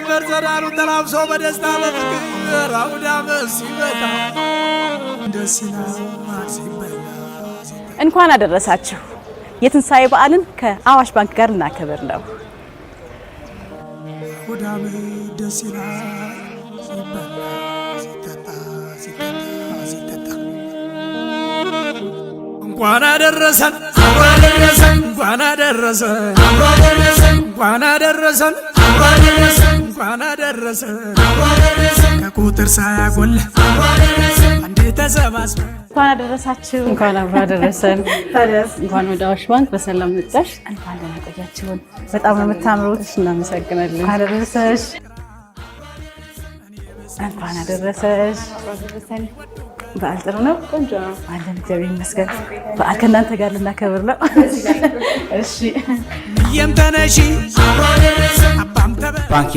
ጀንበር ጸዳሉን ተላብሶ በደስታ በፍቅር አውዳመት ሲመጣ ደስ እንኳን አደረሳችሁ። የትንሣኤ በዓልን ከአዋሽ ባንክ ጋር ልናከብር ነው። እንኳን አደረሰን እንኳን አደረሰን እንኳን አደረሰን እንኳን አደረሰ ከቁጥር ሳያጎል አንዴ ተሰባስበ እንኳን አደረሳችሁ። እንኳን አብሮ አደረሰን። እንኳን ወደ አዋሽ ባንክ በሰላም መጣሽ። እንኳን ደህና ቆያችሁን። በጣም ነው የምታምሩት። እናመሰግናለን። አደረሰሽ። እንኳን አደረሰሽ። በዓል ጥሩ ነው። ቆንጆ አለን። እግዚአብሔር ይመስገን። በዓል ከእናንተ ጋር ልናከብር ነው። እሺ የምተነሺ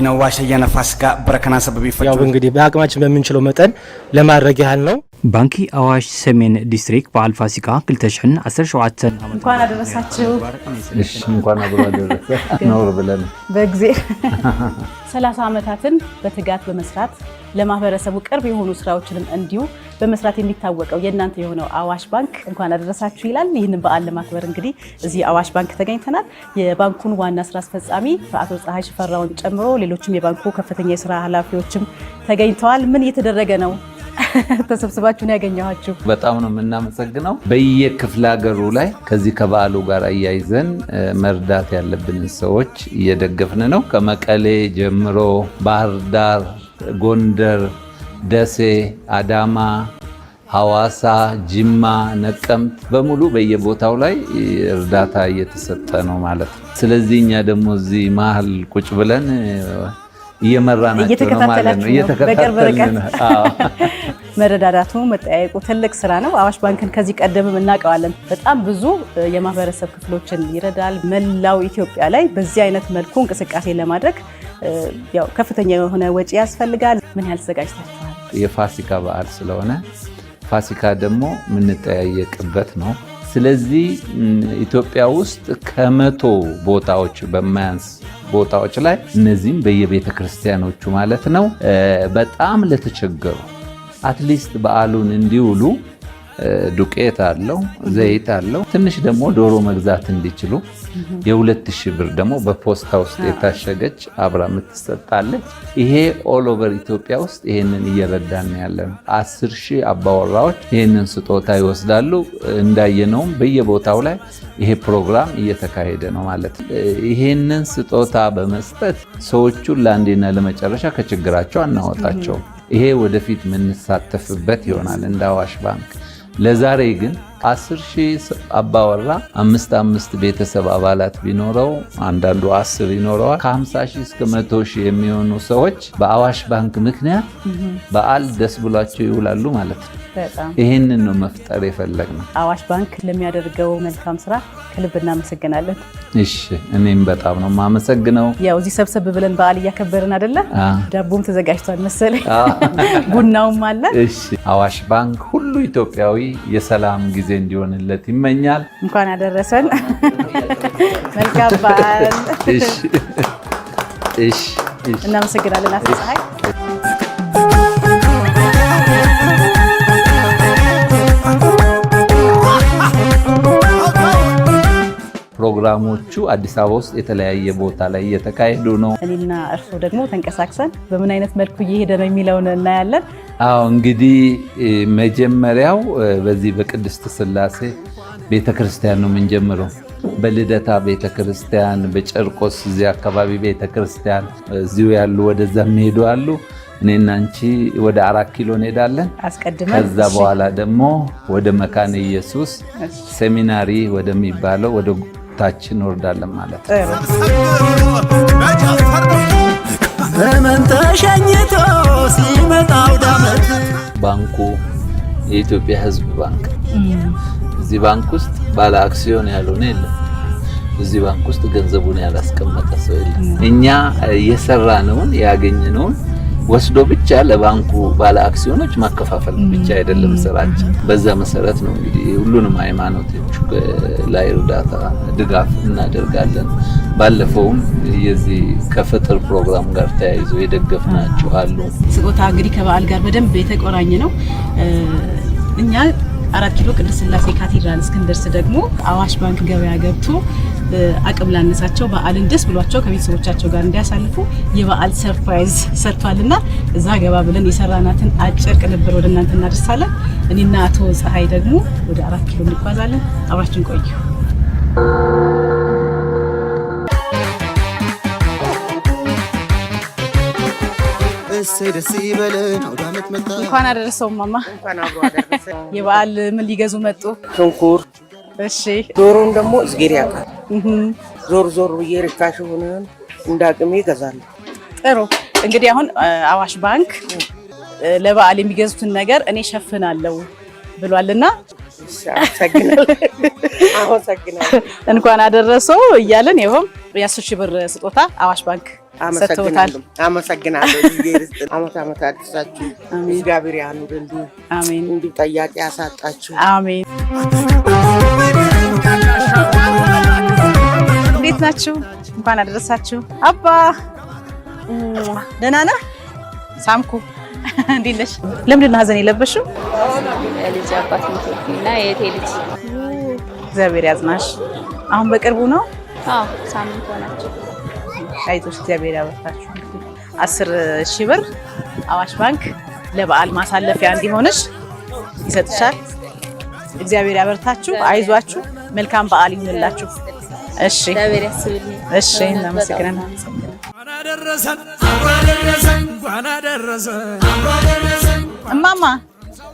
ነው ዋሸያ ነፋስ ጋር በረከና ሰበብ ይፈ ያው እንግዲህ በአቅማችን በምንችለው መጠን ለማድረግ ያህል ነው። ባንኪ አዋሽ ሰሜን ዲስትሪክት በዓል ፋሲካ 217 እንኳን አደረሳችሁ። እንኳን አብሮ አደረሰ ነውር ብለን በጊዜ 30 ዓመታትን በትጋት በመስራት ለማህበረሰቡ ቅርብ የሆኑ ስራዎችንም እንዲሁ በመስራት የሚታወቀው የእናንተ የሆነው አዋሽ ባንክ እንኳን አደረሳችሁ ይላል። ይህንን በዓል ለማክበር እንግዲህ እዚህ አዋሽ ባንክ ተገኝተናል። የባንኩን ዋና ስራ አስፈጻሚ አቶ ፀሐይ ሽፈራውን ጨምሮ ሌሎችም የባንኩ ከፍተኛ የስራ ኃላፊዎችም ተገኝተዋል። ምን እየተደረገ ነው? ተሰብስባችሁ ነው ያገኘኋችሁ። በጣም ነው የምናመሰግነው። በየክፍለ ሀገሩ ላይ ከዚህ ከበዓሉ ጋር አያይዘን መርዳት ያለብንን ሰዎች እየደገፍን ነው። ከመቀሌ ጀምሮ ባህር ዳር፣ ጎንደር፣ ደሴ፣ አዳማ ሐዋሳ፣ ጅማ፣ ነቀምት በሙሉ በየቦታው ላይ እርዳታ እየተሰጠ ነው ማለት ነው። ስለዚህ እኛ ደግሞ እዚህ መሀል ቁጭ ብለን እየመራ ናቸው ማለት ነው። እየተከታተልን መረዳዳቱ መጠያየቁ ትልቅ ስራ ነው። አዋሽ ባንክን ከዚህ ቀደምም እናውቀዋለን። በጣም ብዙ የማህበረሰብ ክፍሎችን ይረዳል። መላው ኢትዮጵያ ላይ በዚህ አይነት መልኩ እንቅስቃሴ ለማድረግ ያው ከፍተኛ የሆነ ወጪ ያስፈልጋል። ምን ያህል ተዘጋጅታችኋል? የፋሲካ በዓል ስለሆነ ፋሲካ ደግሞ የምንጠያየቅበት ነው። ስለዚህ ኢትዮጵያ ውስጥ ከመቶ ቦታዎች በማያንስ ቦታዎች ላይ እነዚህም በየቤተ ክርስቲያኖቹ ማለት ነው በጣም ለተቸገሩ አትሊስት በዓሉን እንዲውሉ ዱቄት አለው፣ ዘይት አለው። ትንሽ ደግሞ ዶሮ መግዛት እንዲችሉ የሁለት ሺህ ብር ደግሞ በፖስታ ውስጥ የታሸገች አብራ የምትሰጣለች። ይሄ ኦል ኦቨር ኢትዮጵያ ውስጥ ይህንን እየረዳን ያለ ነው። አስር ሺህ አባወራዎች ይህንን ስጦታ ይወስዳሉ። እንዳየነውም በየቦታው ላይ ይሄ ፕሮግራም እየተካሄደ ነው ማለት ነው። ይህንን ስጦታ በመስጠት ሰዎቹን ለአንዴና ለመጨረሻ ከችግራቸው አናወጣቸውም። ይሄ ወደፊት የምንሳተፍበት ይሆናል እንደ አዋሽ ባንክ ለዛሬ ግን አስር ሺህ አባወራ አምስት አምስት ቤተሰብ አባላት ቢኖረው አንዳንዱ አስር ይኖረዋል። ከ50 ሺህ እስከ መቶ ሺህ የሚሆኑ ሰዎች በአዋሽ ባንክ ምክንያት በዓል ደስ ብሏቸው ይውላሉ ማለት ነው። ይህንን ነው መፍጠር የፈለግ ነው። አዋሽ ባንክ ለሚያደርገው መልካም ስራ ከልብ እናመሰግናለን። እሺ እኔም በጣም ነው የማመሰግነው። ያው እዚህ ሰብሰብ ብለን በዓል እያከበርን አደለ? ዳቦም ተዘጋጅቷል መሰለኝ ቡናውም አለ። አዋሽ ባንክ ሁሉ ኢትዮጵያዊ የሰላም ጊዜ ጊዜ እንዲሆንለት ይመኛል። እንኳን አደረሰን። መልካም በዓል። እናመሰግናለን አቶ ፕሮግራሞቹ አዲስ አበባ ውስጥ የተለያየ ቦታ ላይ እየተካሄዱ ነው። እኔና እርስዎ ደግሞ ተንቀሳቅሰን በምን አይነት መልኩ እየሄደ ነው የሚለውን እናያለን። አዎ እንግዲህ መጀመሪያው በዚህ በቅድስት ስላሴ ቤተክርስቲያን ነው የምንጀምረው። በልደታ ቤተክርስቲያን፣ በጨርቆስ እዚህ አካባቢ ቤተክርስቲያን እዚሁ ያሉ ወደዛ የሚሄዱ አሉ። እኔና አንቺ ወደ አራት ኪሎ እንሄዳለን። አስቀድመን ከዛ በኋላ ደግሞ ወደ መካነ ኢየሱስ ሴሚናሪ ወደሚባለው ወደ ታች እንወርዳለን ማለት ነው። ተሸኝቶ ሲመጣው ዳመት ባንኩ የኢትዮጵያ ሕዝብ ባንክ። እዚህ ባንክ ውስጥ ባለ አክሲዮን ያልሆነ የለም። እዚህ ባንክ ውስጥ ገንዘቡን ያላስቀመጠ ሰው የለም። እኛ የሰራነውን ያገኘነውን ወስዶ ብቻ ለባንኩ ባለ አክሲዮኖች ማከፋፈል ብቻ አይደለም ስራችን። በዛ መሰረት ነው እንግዲህ ሁሉንም ሃይማኖቶች ላይ እርዳታ ድጋፍ እናደርጋለን። ባለፈውም የዚህ ከፍጥር ፕሮግራም ጋር ተያይዞ የደገፍናቸው አሉ። ስጦታ እንግዲህ ከበዓል ጋር በደንብ የተቆራኘ ነው እኛ አራት ኪሎ ቅድስት ስላሴ ካቴድራል እስክንደርስ ደግሞ አዋሽ ባንክ ገበያ ገብቶ አቅም ላነሳቸው በዓልን ደስ ብሏቸው ከቤተሰቦቻቸው ጋር እንዲያሳልፉ የበዓል ሰርፕራይዝ ሰርቷልና እዛ ገባ ብለን የሰራናትን አጭር ቅንብር ወደ እናንተ እናደርሳለን። እኔና አቶ ፀሐይ ደግሞ ወደ አራት ኪሎ እንጓዛለን። አብራችን ቆዩ። እሰይ ደስ ይበለን አውደ ዓመት መጣ። እንኳን አደረሰው ማማ። የበዓል ምን ሊገዙ መጡ? ሽንኩር። እሺ ዶሮን ደግሞ እዝጌር ያውቃል። ዞር ዞር ብዬ ርካሽ ሆነን እንደ አቅሜ ጥሩ እንግዲህ አሁን አዋሽ ባንክ ለበዓል የሚገዙትን ነገር እኔ ሸፍናለሁ ብሏልና እንኳን አደረሰው እያለን ይኸውም የአስር ሺህ ብር ስጦታ አዋሽ ባንክ አመሰግናለሁ። አመሰግናለሁ። አመት አመት አድርሳችሁ እግዚአብሔር ያኑርልን። አሜን። እንዲሁ ጠያቂ ያሳጣችሁ። አሜን። እንዴት ናችሁ? እንኳን አደረሳችሁ። አባ ደህና ነህ? ሳምኩ። እንዴት ነሽ? ለምንድን ነው ሀዘን የለበሽው? ልጅ አባት እና የቴ ልጅ እግዚአብሔር ያዝናሽ። አሁን በቅርቡ ነው? አዎ ሳምንት ሆናችሁ አይዞሽ እግዚአብሔር ያበርታችሁ። አስር ሺህ ብር አዋሽ ባንክ ለበዓል ማሳለፊያ እንዲሆንሽ ይሰጥሻል። እግዚአብሔር ያበርታችሁ፣ አይዟችሁ፣ መልካም በዓል ይሁንላችሁ። እሺ፣ እሺ፣ እናመሰግናለን። እማማ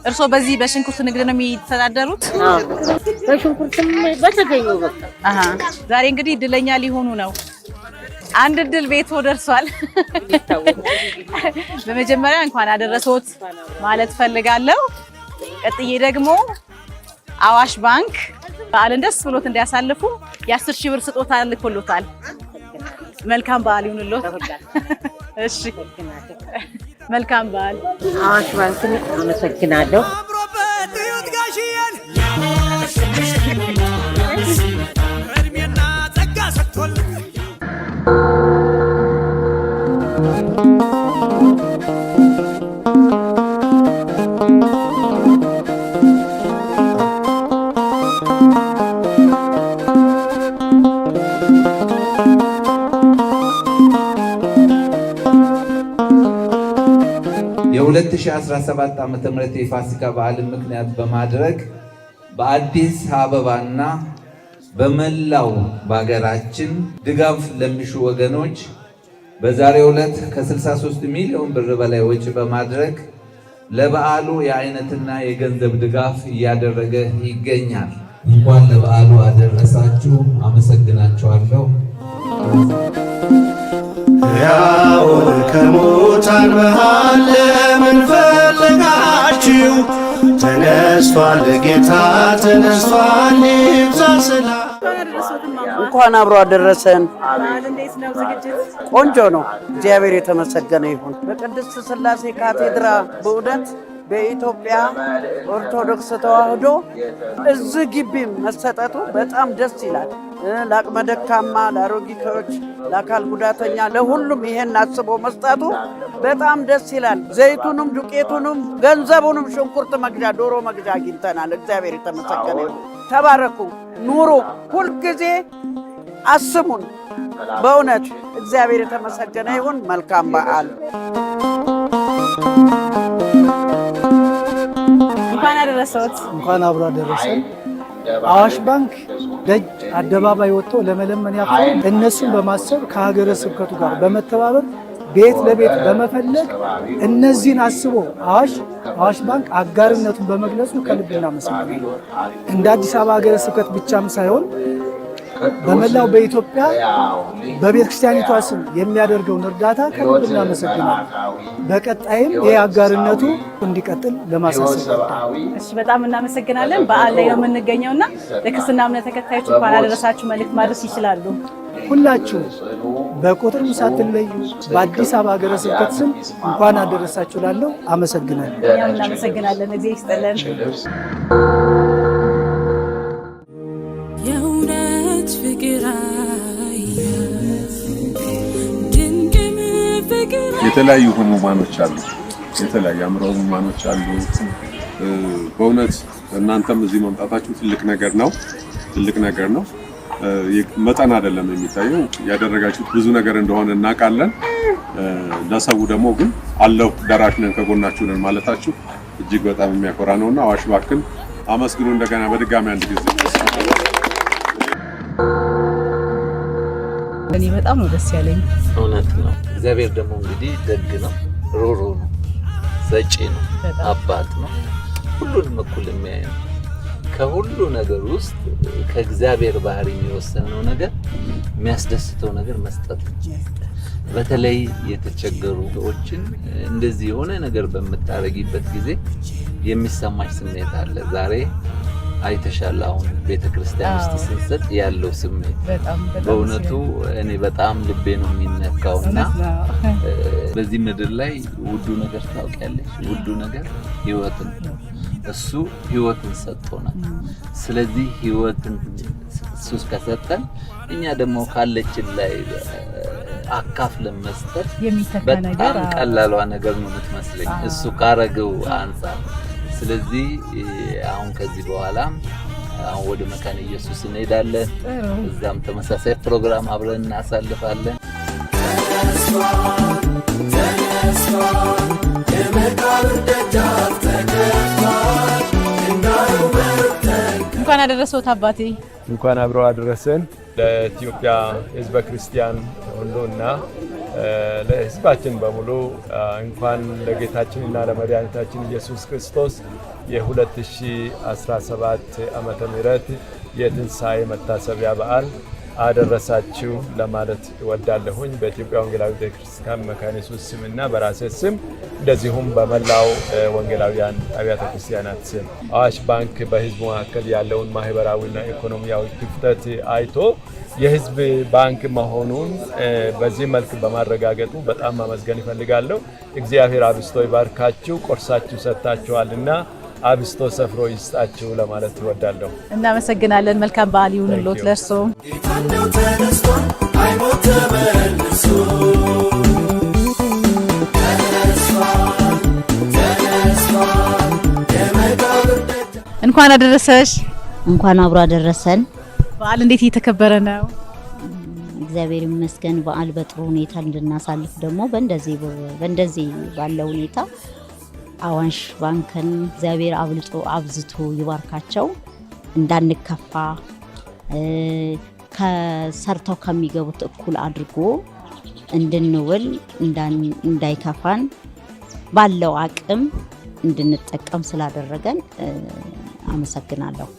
እርስዎ በዚህ በሽንኩርት ንግድ ነው የሚተዳደሩት? በሽንኩርት በተገኘው በቃ። ዛሬ እንግዲህ እድለኛ ሊሆኑ ነው አንድ እድል ቤቶ ደርሷል። በመጀመሪያ እንኳን አደረሶት ማለት ፈልጋለሁ። ቀጥዬ ደግሞ አዋሽ ባንክ በዓልን ደስ ብሎት እንዲያሳልፉ የአስር ሺህ ብር ስጦታ ልኮሎታል። መልካም በዓል ይሁንልዎት። እሺ መልካም በዓል። አዋሽ ባንክን አመሰግናለሁ። 2017 ዓ.ም የፋሲካ በዓልን ምክንያት በማድረግ በአዲስ አበባና በመላው በሀገራችን ድጋፍ ለሚሹ ወገኖች በዛሬ ዕለት ከ63 ሚሊዮን ብር በላይ ወጪ በማድረግ ለበዓሉ የአይነትና የገንዘብ ድጋፍ እያደረገ ይገኛል። እንኳን ለበዓሉ አደረሳችሁ። አመሰግናችኋለሁ። ሕያውን ከሙታን መሃል ለምን ፈለጋችሁ? ተነስቷል ጌታ ተነስቷል። እንኳን አብሮ አደረሰን። ቆንጆ ነው። እግዚአብሔር የተመሰገነ ይሁን። በቅድስት ስላሴ ካቴድራ በእውነት በኢትዮጵያ ኦርቶዶክስ ተዋህዶ እዚህ ግቢ መሰጠቱ በጣም ደስ ይላል። ለአቅመ ደካማ፣ ለአሮጊቶች ለአካል ጉዳተኛ ለሁሉም ይሄን አስቦ መስጠቱ በጣም ደስ ይላል። ዘይቱንም፣ ዱቄቱንም፣ ገንዘቡንም ሽንኩርት መግዣ፣ ዶሮ መግዣ አግኝተናል። እግዚአብሔር የተመሰገነ። ተባረኩ፣ ኑሩ፣ ሁልጊዜ አስሙን በእውነት እግዚአብሔር የተመሰገነ ይሁን። መልካም በዓል እንኳን አደረሰዎት። እንኳን አብሮ አደረሰን። አዋሽ ባንክ ደጅ አደባባይ ወጥቶ ለመለመን ያፈ እነሱን በማሰብ ከሀገረ ስብከቱ ጋር በመተባበር ቤት ለቤት በመፈለግ እነዚህን አስቦ አዋሽ አዋሽ ባንክ አጋርነቱን በመግለጹ ከልብ እናመሰግናለን። እንደ አዲስ አበባ ሀገረ ስብከት ብቻም ሳይሆን በመላው በኢትዮጵያ በቤተ ክርስቲያኒቷ ስም የሚያደርገውን እርዳታ ከልብ እናመሰግናል። በቀጣይም ይህ አጋርነቱ እንዲቀጥል ለማሳሰብ በጣም እናመሰግናለን። በዓል ላይ ነው የምንገኘው እና ለክርስትና እምነት ተከታዮች እንኳን አደረሳችሁ መልእክት ማድረስ ይችላሉ። ሁላችሁ በቁጥርም ሳትለዩ በአዲስ አበባ ሀገረ ስብከት ስም እንኳን አደረሳችሁ ላለው አመሰግናለሁ። እናመሰግናለን። እግዜር ይስጥልን። የተለያዩ ህሙማኖች አሉ፣ የተለያዩ አእምሮ ህሙማኖች አሉ። በእውነት እናንተም እዚህ መምጣታችሁ ትልቅ ነገር ነው፣ ትልቅ ነገር ነው። መጠን አይደለም የሚታየው ያደረጋችሁት ብዙ ነገር እንደሆነ እናውቃለን። ለሰው ደግሞ ግን አለሁ ደራሽ ነን ከጎናችሁ ነን ማለታችሁ እጅግ በጣም የሚያኮራ ነውና አዋሽ ባንክን አመስግኑ። እንደገና በድጋሚ አንድ ጊዜ እኔ በጣም ነው ደስ ያለኝ። እውነት ነው። እግዚአብሔር ደግሞ እንግዲህ ደግ ነው፣ ሮሮ ነው፣ ሰጪ ነው፣ አባት ነው፣ ሁሉንም እኩል የሚያይ ነው። ከሁሉ ነገር ውስጥ ከእግዚአብሔር ባህሪ የሚወሰነው ነገር የሚያስደስተው ነገር መስጠት በተለይ የተቸገሩ ሰዎችን እንደዚህ የሆነ ነገር በምታረጊበት ጊዜ የሚሰማች ስሜት አለ ዛሬ አይተሻል። አሁን ቤተ ክርስቲያን ውስጥ ስንሰጥ ያለው ስሜት በእውነቱ እኔ በጣም ልቤ ነው የሚነካው እና በዚህ ምድር ላይ ውዱ ነገር ታውቂያለሽ፣ ውዱ ነገር ህይወት ነው። እሱ ህይወትን ሰጥቶናል። ስለዚህ ህይወትን ሱስ ከሰጠን እኛ ደግሞ ካለችን ላይ አካፍ ለመስጠት በጣም ቀላሏ ነገር ነው የምትመስለኝ እሱ ካረገው አንጻር ስለዚህ አሁን ከዚህ በኋላ አሁን ወደ መካነ ኢየሱስ እንሄዳለን። እዛም ተመሳሳይ ፕሮግራም አብረን እናሳልፋለን። እንኳን አደረሰዎት አባቴ። እንኳን አብረው አደረሰን። ለኢትዮጵያ ሕዝበ ክርስቲያን ሁሉ እና ለህዝባችን በሙሉ እንኳን ለጌታችንና ለመድኃኒታችን ኢየሱስ ክርስቶስ የ2017 ዓመተ ምሕረት የትንሣኤ መታሰቢያ በዓል አደረሳችሁ ለማለት እወዳለሁኝ። በኢትዮጵያ ወንጌላዊ ቤተክርስቲያን መካነ ኢየሱስ ስምና በራሴ ስም እንደዚሁም በመላው ወንጌላውያን አብያተ ክርስቲያናት ስም አዋሽ ባንክ በህዝቡ መካከል ያለውን ማህበራዊና ኢኮኖሚያዊ ክፍተት አይቶ የህዝብ ባንክ መሆኑን በዚህ መልክ በማረጋገጡ በጣም ማመስገን ይፈልጋለሁ። እግዚአብሔር አብስቶ ይባርካችሁ። ቆርሳችሁ ሰጥታችኋልና አብስቶ ሰፍሮ ይስጣችሁ ለማለት እወዳለሁ። እናመሰግናለን። መልካም በዓል ይሁንልዎት ለእርስዎ እንኳን አደረሰሽ። እንኳን አብሮ አደረሰን። በዓል እንዴት እየተከበረ ነው? እግዚአብሔር ይመስገን። በዓል በጥሩ ሁኔታ እንድናሳልፍ ደግሞ በእንደዚህ በእንደዚህ ባለው ሁኔታ አዋሽ ባንክን እግዚአብሔር አብልጦ አብዝቶ ይባርካቸው። እንዳንከፋ ከሰርተው ከሚገቡት እኩል አድርጎ እንድንውል እንዳይከፋን ባለው አቅም እንድንጠቀም ስላደረገን አመሰግናለሁ።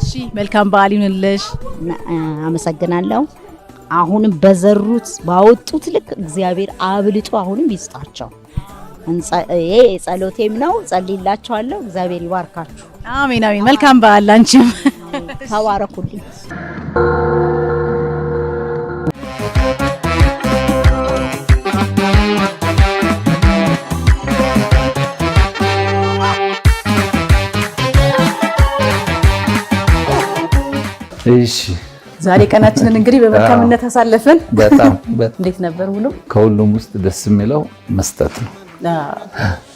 እሺ መልካም በዓል ይሁንልሽ። አመሰግናለሁ። አሁንም በዘሩት ባወጡት ልክ እግዚአብሔር አብልጦ አሁንም ይስጣቸው። ይሄ ጸሎቴም ነው። ጸልይላቸዋለሁ። እግዚአብሔር ይባርካችሁ። አሜን አሜን። መልካም በዓል አንቺም ተባረኩልኝ። እሺ ዛሬ ቀናችንን እንግዲህ በመልካምነት አሳለፍን። በጣም እንዴት ነበር ውሎ? ከሁሉም ውስጥ ደስ የሚለው መስጠት ነው።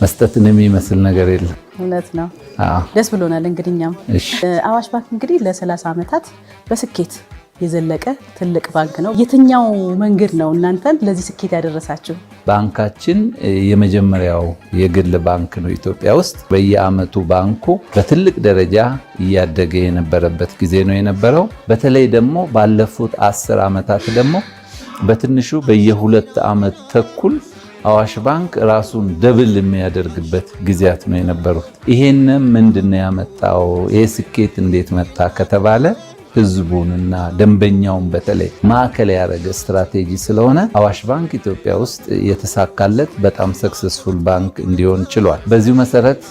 መስጠትን የሚመስል ነገር የለም። እውነት ነው። ደስ ብሎናል። እንግዲህ እኛም አዋሽ ባንክ እንግዲህ ለ30 ዓመታት በስኬት የዘለቀ ትልቅ ባንክ ነው። የትኛው መንገድ ነው እናንተን ለዚህ ስኬት ያደረሳችሁ? ባንካችን የመጀመሪያው የግል ባንክ ነው ኢትዮጵያ ውስጥ። በየአመቱ ባንኩ በትልቅ ደረጃ እያደገ የነበረበት ጊዜ ነው የነበረው። በተለይ ደግሞ ባለፉት አስር ዓመታት ደግሞ በትንሹ በየሁለት ዓመት ተኩል አዋሽ ባንክ ራሱን ደብል የሚያደርግበት ጊዜያት ነው የነበሩት። ይሄንም ምንድን ነው ያመጣው? ይህ ስኬት እንዴት መጣ ከተባለ ህዝቡንና ደንበኛውን በተለይ ማዕከል ያደረገ ስትራቴጂ ስለሆነ አዋሽ ባንክ ኢትዮጵያ ውስጥ የተሳካለት በጣም ሰክሰስፉል ባንክ እንዲሆን ችሏል። በዚሁ መሰረት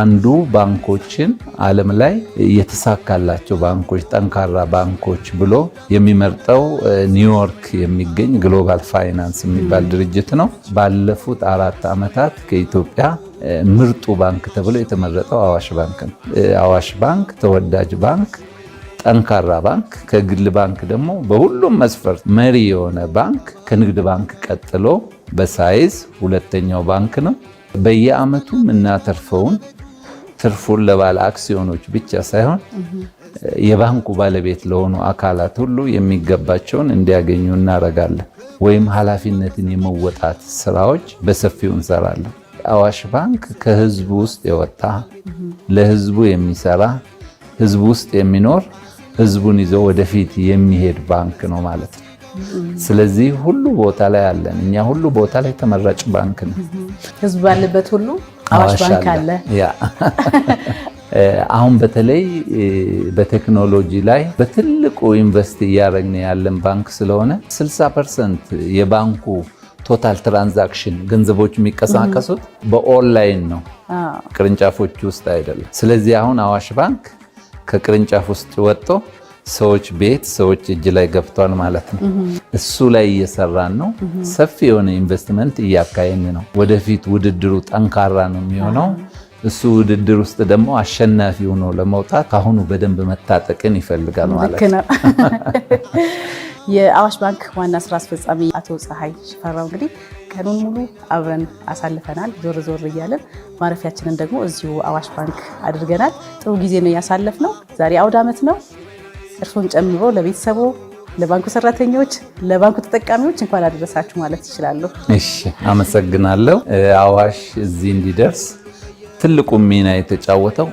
አንዱ ባንኮችን ዓለም ላይ የተሳካላቸው ባንኮች፣ ጠንካራ ባንኮች ብሎ የሚመርጠው ኒውዮርክ የሚገኝ ግሎባል ፋይናንስ የሚባል ድርጅት ነው። ባለፉት አራት ዓመታት ከኢትዮጵያ ምርጡ ባንክ ተብሎ የተመረጠው አዋሽ ባንክ ነው። አዋሽ ባንክ ተወዳጅ ባንክ ጠንካራ ባንክ ከግል ባንክ ደግሞ በሁሉም መስፈርት መሪ የሆነ ባንክ ከንግድ ባንክ ቀጥሎ በሳይዝ ሁለተኛው ባንክ ነው። በየዓመቱ የምናተርፈውን ትርፉን ለባለ አክሲዮኖች ብቻ ሳይሆን የባንኩ ባለቤት ለሆኑ አካላት ሁሉ የሚገባቸውን እንዲያገኙ እናደርጋለን። ወይም ኃላፊነትን የመወጣት ስራዎች በሰፊው እንሰራለን። አዋሽ ባንክ ከህዝቡ ውስጥ የወጣ ለህዝቡ የሚሰራ ህዝቡ ውስጥ የሚኖር ህዝቡን ይዞ ወደፊት የሚሄድ ባንክ ነው ማለት ነው። ስለዚህ ሁሉ ቦታ ላይ አለን። እኛ ሁሉ ቦታ ላይ ተመራጭ ባንክ ነው። ህዝብ ባለበት ሁሉ አዋሽ ባንክ አለ። አሁን በተለይ በቴክኖሎጂ ላይ በትልቁ ኢንቨስት እያደረግን ያለን ባንክ ስለሆነ 60 ፐርሰንት የባንኩ ቶታል ትራንዛክሽን ገንዘቦች የሚቀሳቀሱት በኦንላይን ነው፣ ቅርንጫፎች ውስጥ አይደለም። ስለዚህ አሁን አዋሽ ባንክ ከቅርንጫፍ ውስጥ ወጥቶ ሰዎች ቤት ሰዎች እጅ ላይ ገብቷል ማለት ነው። እሱ ላይ እየሰራን ነው። ሰፊ የሆነ ኢንቨስትመንት እያካሄን ነው። ወደፊት ውድድሩ ጠንካራ ነው የሚሆነው። እሱ ውድድር ውስጥ ደግሞ አሸናፊ ሆኖ ለመውጣት ከአሁኑ በደንብ መታጠቅን ይፈልጋል ማለት ነው። የአዋሽ ባንክ ዋና ስራ አስፈጻሚ አቶ ፀሐይ ሽፈራው እንግዲህ ቀኑን ሙሉ አብረን አሳልፈናል። ዞር ዞር እያለን ማረፊያችንን ደግሞ እዚሁ አዋሽ ባንክ አድርገናል። ጥሩ ጊዜ ነው ነው። ዛሬ አውድ ዓመት ነው። እርሶን ጨምሮ ለቤተሰቦ፣ ለባንኩ ሰራተኞች፣ ለባንኩ ተጠቃሚዎች እንኳን አደረሳችሁ ማለት ይችላለሁ። እሺ፣ አመሰግናለሁ። አዋሽ እዚህ እንዲደርስ ትልቁ ሚና የተጫወተው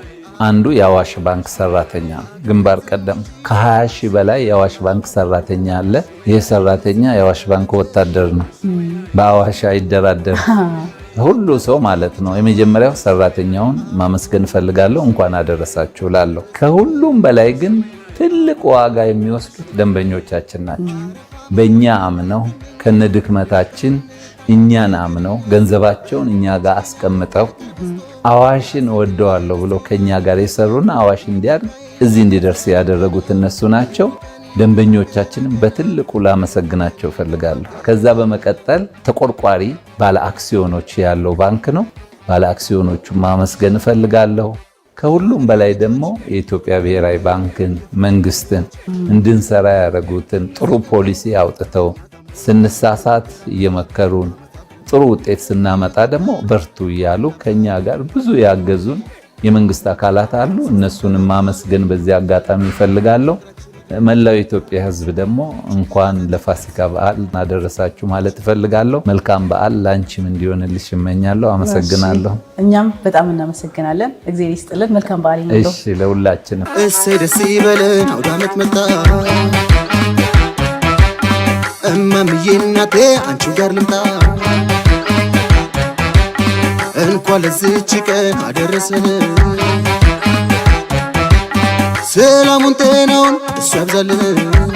አንዱ የአዋሽ ባንክ ሰራተኛ ነው። ግንባር ቀደም ከ20 ሺህ በላይ የአዋሽ ባንክ ሰራተኛ አለ። ይህ ሰራተኛ የአዋሽ ባንክ ወታደር ነው። በአዋሽ አይደራደር ሁሉ ሰው ማለት ነው። የመጀመሪያው ሰራተኛውን ማመስገን እፈልጋለሁ። እንኳን አደረሳችሁ ላለሁ። ከሁሉም በላይ ግን ትልቅ ዋጋ የሚወስዱት ደንበኞቻችን ናቸው። በእኛ አምነው ከነድክመታችን እኛን አምነው ገንዘባቸውን እኛ ጋር አስቀምጠው አዋሽን ወደዋለሁ ብሎ ከእኛ ጋር የሰሩና አዋሽ እንዲያድ እዚህ እንዲደርስ ያደረጉት እነሱ ናቸው። ደንበኞቻችንም በትልቁ ላመሰግናቸው እፈልጋለሁ። ከዛ በመቀጠል ተቆርቋሪ ባለ አክሲዮኖች ያለው ባንክ ነው። ባለ አክሲዮኖቹ ማመስገን እፈልጋለሁ። ከሁሉም በላይ ደግሞ የኢትዮጵያ ብሔራዊ ባንክን፣ መንግስትን እንድንሰራ ያደረጉትን ጥሩ ፖሊሲ አውጥተው ስንሳሳት እየመከሩን ጥሩ ውጤት ስናመጣ ደግሞ በርቱ እያሉ ከኛ ጋር ብዙ ያገዙን የመንግስት አካላት አሉ። እነሱን ማመስገን በዚህ አጋጣሚ እፈልጋለሁ። መላው የኢትዮጵያ ሕዝብ ደግሞ እንኳን ለፋሲካ በዓል እናደረሳችሁ ማለት እፈልጋለሁ። መልካም በዓል ላንቺም እንዲሆንልሽ እመኛለሁ። አመሰግናለሁ። እኛም በጣም እናመሰግናለን። እግዜር ይስጥልን። መልካም በዓል ይሁን። ለሁላችንም እሰይ ደስ ይበለን። አውዳመት መጣ እማምዬ እናቴ አንቺ ጋር ልምጣ እንኳን ለዚች ቀን አደረሰን። ሰላሙን ጤናውን እሱ ያብዛልን።